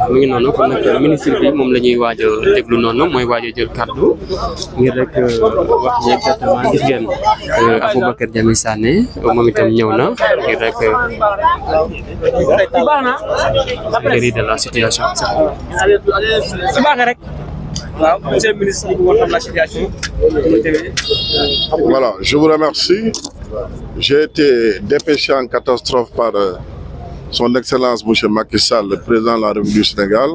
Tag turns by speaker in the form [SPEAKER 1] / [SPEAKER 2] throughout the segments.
[SPEAKER 1] mu ngi noonu kon nag ministre bi moom la ñuy waaj a noonu mooy waaj a jël kàddu ngir rek euh, wax ne exactement gis ngeen euh, Aboubacar Jami Sané moom itam ñëw na ngir rek mairie euh, de la situation. si baaxee rek. waaw monsieur le ministre bi nga xam la situation. voilà je vous remercie. J'ai été dépêché en catastrophe par euh, son Excellence M. Macky Sall, le président la République du Sénégal,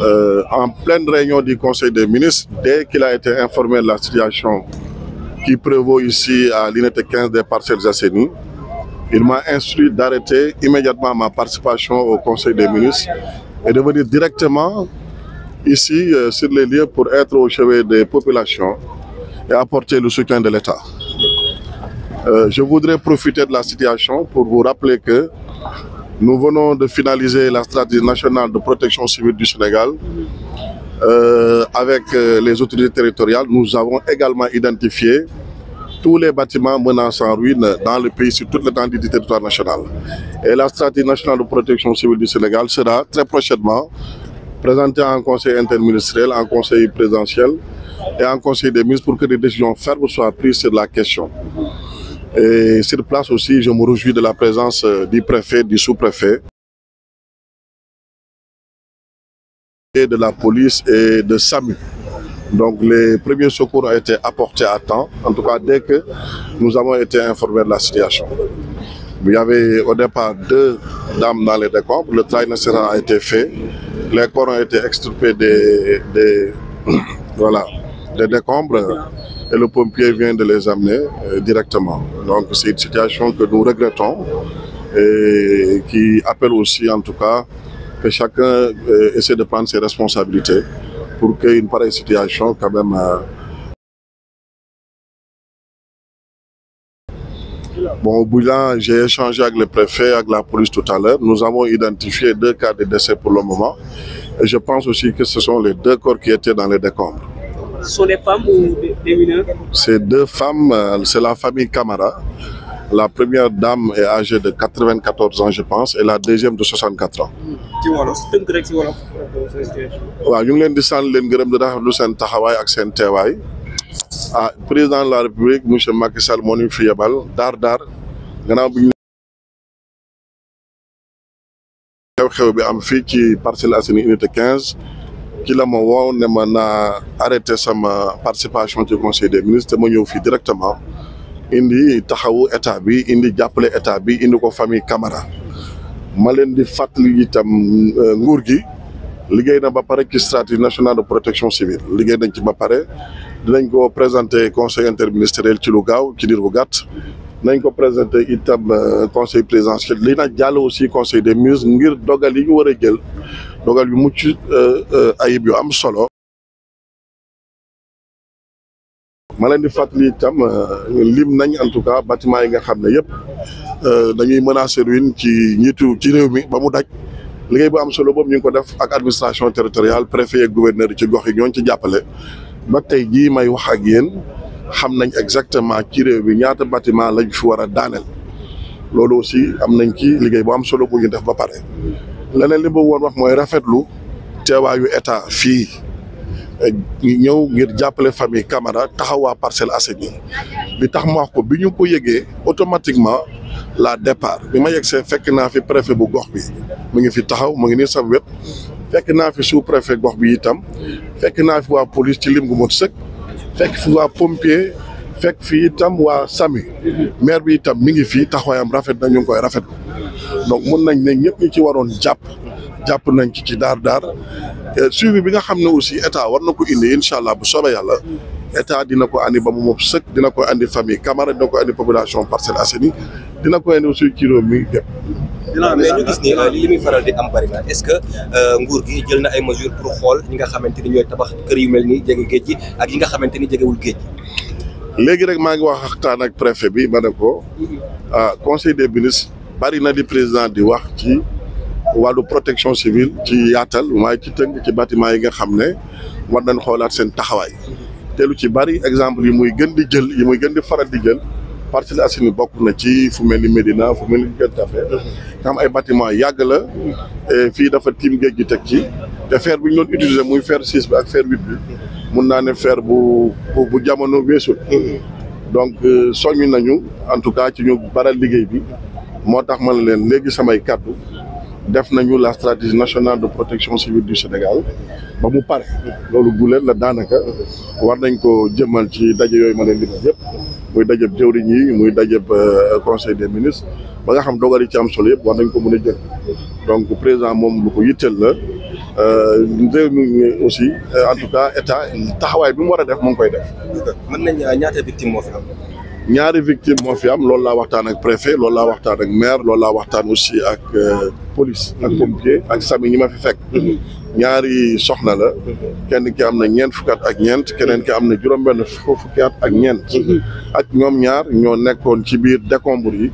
[SPEAKER 1] euh, en pleine réunion du Conseil des ministres, dès qu'il a été informé de la situation qui prévaut ici à l'unité 15 des parcelles Asseni, il m'a instruit d'arrêter immédiatement ma participation au Conseil des ministres et de venir directement ici euh, sur les lieux pour être au chevet des populations et apporter le soutien de l'État. Euh, je voudrais profiter de la situation pour vous rappeler que nous venons de finaliser la stratégie nationale de protection civile du Sénégal. Euh, avec euh, les autorités territoriales, nous avons également identifié tous les bâtiments menaçant en ruine dans le pays sur toute l'étendue du territoire national. Et la stratégie nationale de protection civile du Sénégal sera très prochainement présentée en conseil interministériel, en conseil présidentiel et en conseil pour que des décisions fermes soient prises la question. Et sur place aussi, je me réjouis de la présence euh, du préfet, du sous-préfet, de la police et de SAMU. Donc les premiers secours ont été apportés à temps, en tout cas dès que nous avons été informés de la situation. Il y avait au départ deux dames dans les décombres, le travail nécessaire a été fait, les corps ont extirpés des voilà, des décombres et le pompier vient de les amener euh, directement. Donc c'est une situation que nous regrettons et qui appelle aussi en tout cas que chacun euh, essaie de prendre ses responsabilités pour qu'une pareille situation quand même euh. Bon, au bilan, j'ai échangé avec le préfet, avec la police tout à l'heure. Nous avons identifié deux cas de décès pour le moment. Et je pense aussi que ce sont les deux corps qui étaient dans les décombres. Ce sont des femmes euh, C'est la famille Camara. La première dame est âgée de 94 ans, je pense, et la deuxième de 64 ans. ci wolof tënk rek ci wolof. waaw ñu ngi leen di sant leen gërëm di rafetlu seen taxawaay ak seen teewaay ah président de la république monsieur Macky Sall moo ñu fi yebal daar daar gannaaw bi am fii ci Parcelles Assainies unité 15. ci la ma woo ne ma naa arrêté sama participation ci conseil des ministres te ma ñëw fii directement indi taxawu état bi indi jàppale état bi indi ko famille Camara ma leen di fàttali itam euh, nguur gi liggéey na ba pare ci stratégie nationale de protection civile liggéey nañ ci ba pare dinañ ko présenter conseil interministériel ci lu gaaw ci diir bu gàtt nañ ko présenter itam euh, conseil présidentiel li na jàll aussi conseil des ministres ngir dogal yi ñu war a jël dogal bi mucc euh, euh, ayib yu am solo. ma leen di fàttali itam euh, lim nañ en tout cas bâtiment yi nga xam ne yëpp dañuy menacer ruine ci ñitu ci réew mi ba mu daj liggéey bu am solo boobu ñu ngi ko def ak administration territoriale préfet ak gouverneur ci gox yi ñooñu ci jàppale ba tey jii may wax ak yéen xam nañ exactement ci réew mi ñaata bâtiment lañ fi war a daaneel loolu aussi am nañ ci liggéey bu am solo bu ñu def ba pare. leneen li ma woon wax mooy rafetlu teewaayu état fii ñëw ngir jàppale famille Camara taxawaa Parcelles Assainies bi tax ma wax ko bi ñu ko yëgee automatiquement la départ bi ma yeg see fekk naa fi préfet bu gox bi mu ngi fi taxaw mu ngi nii sam wet fekk naa fi suu préfet gox bi itam fekk naa fi waa police ci lim gu mot sëkk fekk fi waa pompier fekk fii itam waa sami maire bi itam mi ngi fii taxawaayam rafet na ñu ngi koy rafetlu donc mun nañ ne ñëpp ñu ci waroon jàpp jàpp nañ ci ci daar daar euh, suivi bi nga xam ne aussi état war na ko indi incha allah bu soobee yàlla état dina ko andi ba mu moom sëkk dina ko andi famille Camara dina ko andi population Parcelles Assainies dina ko andi aussi ci réew mi yëpp. non mais ñu gis ne euh, li di am bari na ce que euh, nguur gi jël na ay mesures pour xool ñi nga xamante ni ñooy tabax kër yu mel ni jege géej gi ak yi nga xamante ni jegewul géej léegi rek maa ngi wax waxtaan ak préfet bi ma ne ko ah conseil des ministres bari na di président di wax ci wàllu protection civile ci yaatal waaye ci tënk ci batiment yi nga xam ne war nañ xoolaat seen taxawaay te lu ci bari exemple yi muy gën di jël yi muy gën di faral di jël Parcelles Assainies bokk na ci fu mel ni Médina fu mel ni Gueule Tapée nga am ay batiment yàgg la fii dafa tiim géej gi teg ci te fer bi ñu doon utiliser muy fer six bi ak fer bi mun naa ne faire bu bu jamono weesul mm-hmm. donc euh, soññ nañu en tout cas ci ñu baral liggéey bi moo tax ma ne leen léegi samay kaddu def nañu la stratégie nationale de protection civile du Sénégal ba mu pare loolu guleen la daanaka war nañ ko jëmmal ci daje yooyu ma leen limal yëpp muy dajëb jëwriñ yi muy dajëb euh, conseil des ministres ba nga xam dogal yi ci am solo yëpp war nañ ko mun a jël donc président moom lu ko yitteel la Euh, réew mi aussi euh, en tout cas état taxawaay bi mu war a def moom koy def. man nañ euh, ñaata victime moo fi am. ñaari victime moo fi am loolu laa waxtaan ak préfet loolu laa waxtaan ak maire loolu laa waxtaan aussi ak police ak pompier ak sami ñi ma fi fekk ñaari soxna la kenn ki am na ñeent fukki ak ñeent keneen ki am na juróom-benn fukki at ak ñeent ak ñoom ñaar ñoo nekkoon ci biir décombres yi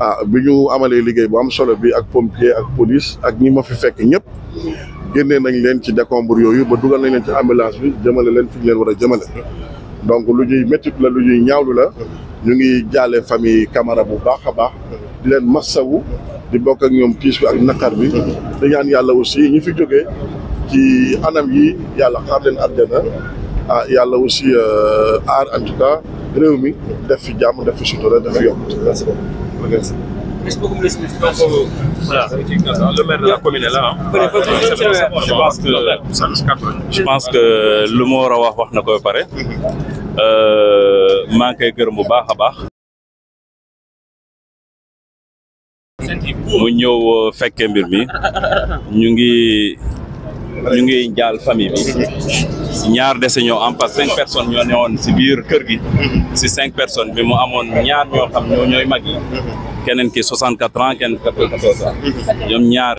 [SPEAKER 1] ah bi ñu amalee liggéey bu am solo bi ak pompier ak police ak ñii ma fi fekk ñëpp génnee nañ leen ci décombre yooyu ba dugal nañ leen ci ambulance bi jëmale leen fi ñu leen war a jëmale donc lu ñuy méttit la lu ñuy ñaawlu la ñu ngi jaale famille Camara bu baax a baax di leen massawu di bokk ak ñoom tiis bi ak naqar bi di ñaan yàlla aussi ñi fi jógee ci anam yi yàlla xaar leen àddina ah yàlla aussi euh, aar en tout réew mi def fi jàmm def fi sutura def fi yokkute Merci beaucoup, Je pense que, je lu ma war a wax wax na ko ba pare. Euh, ngi koy gërëm bu baax a baax. mu ñëw euh, fekkee mbir mi ñu ngi. ñu ngi jaal famille bi ñaar dese ñoo en passe cinq personnes ñoo newoon si biir kër gi si mhm. cinq personnes bi mu amoon ñaar ñoo xam ñoo ñooy i yi mhm. keneen ki soixante quatre keneen quatre mhm. ñaar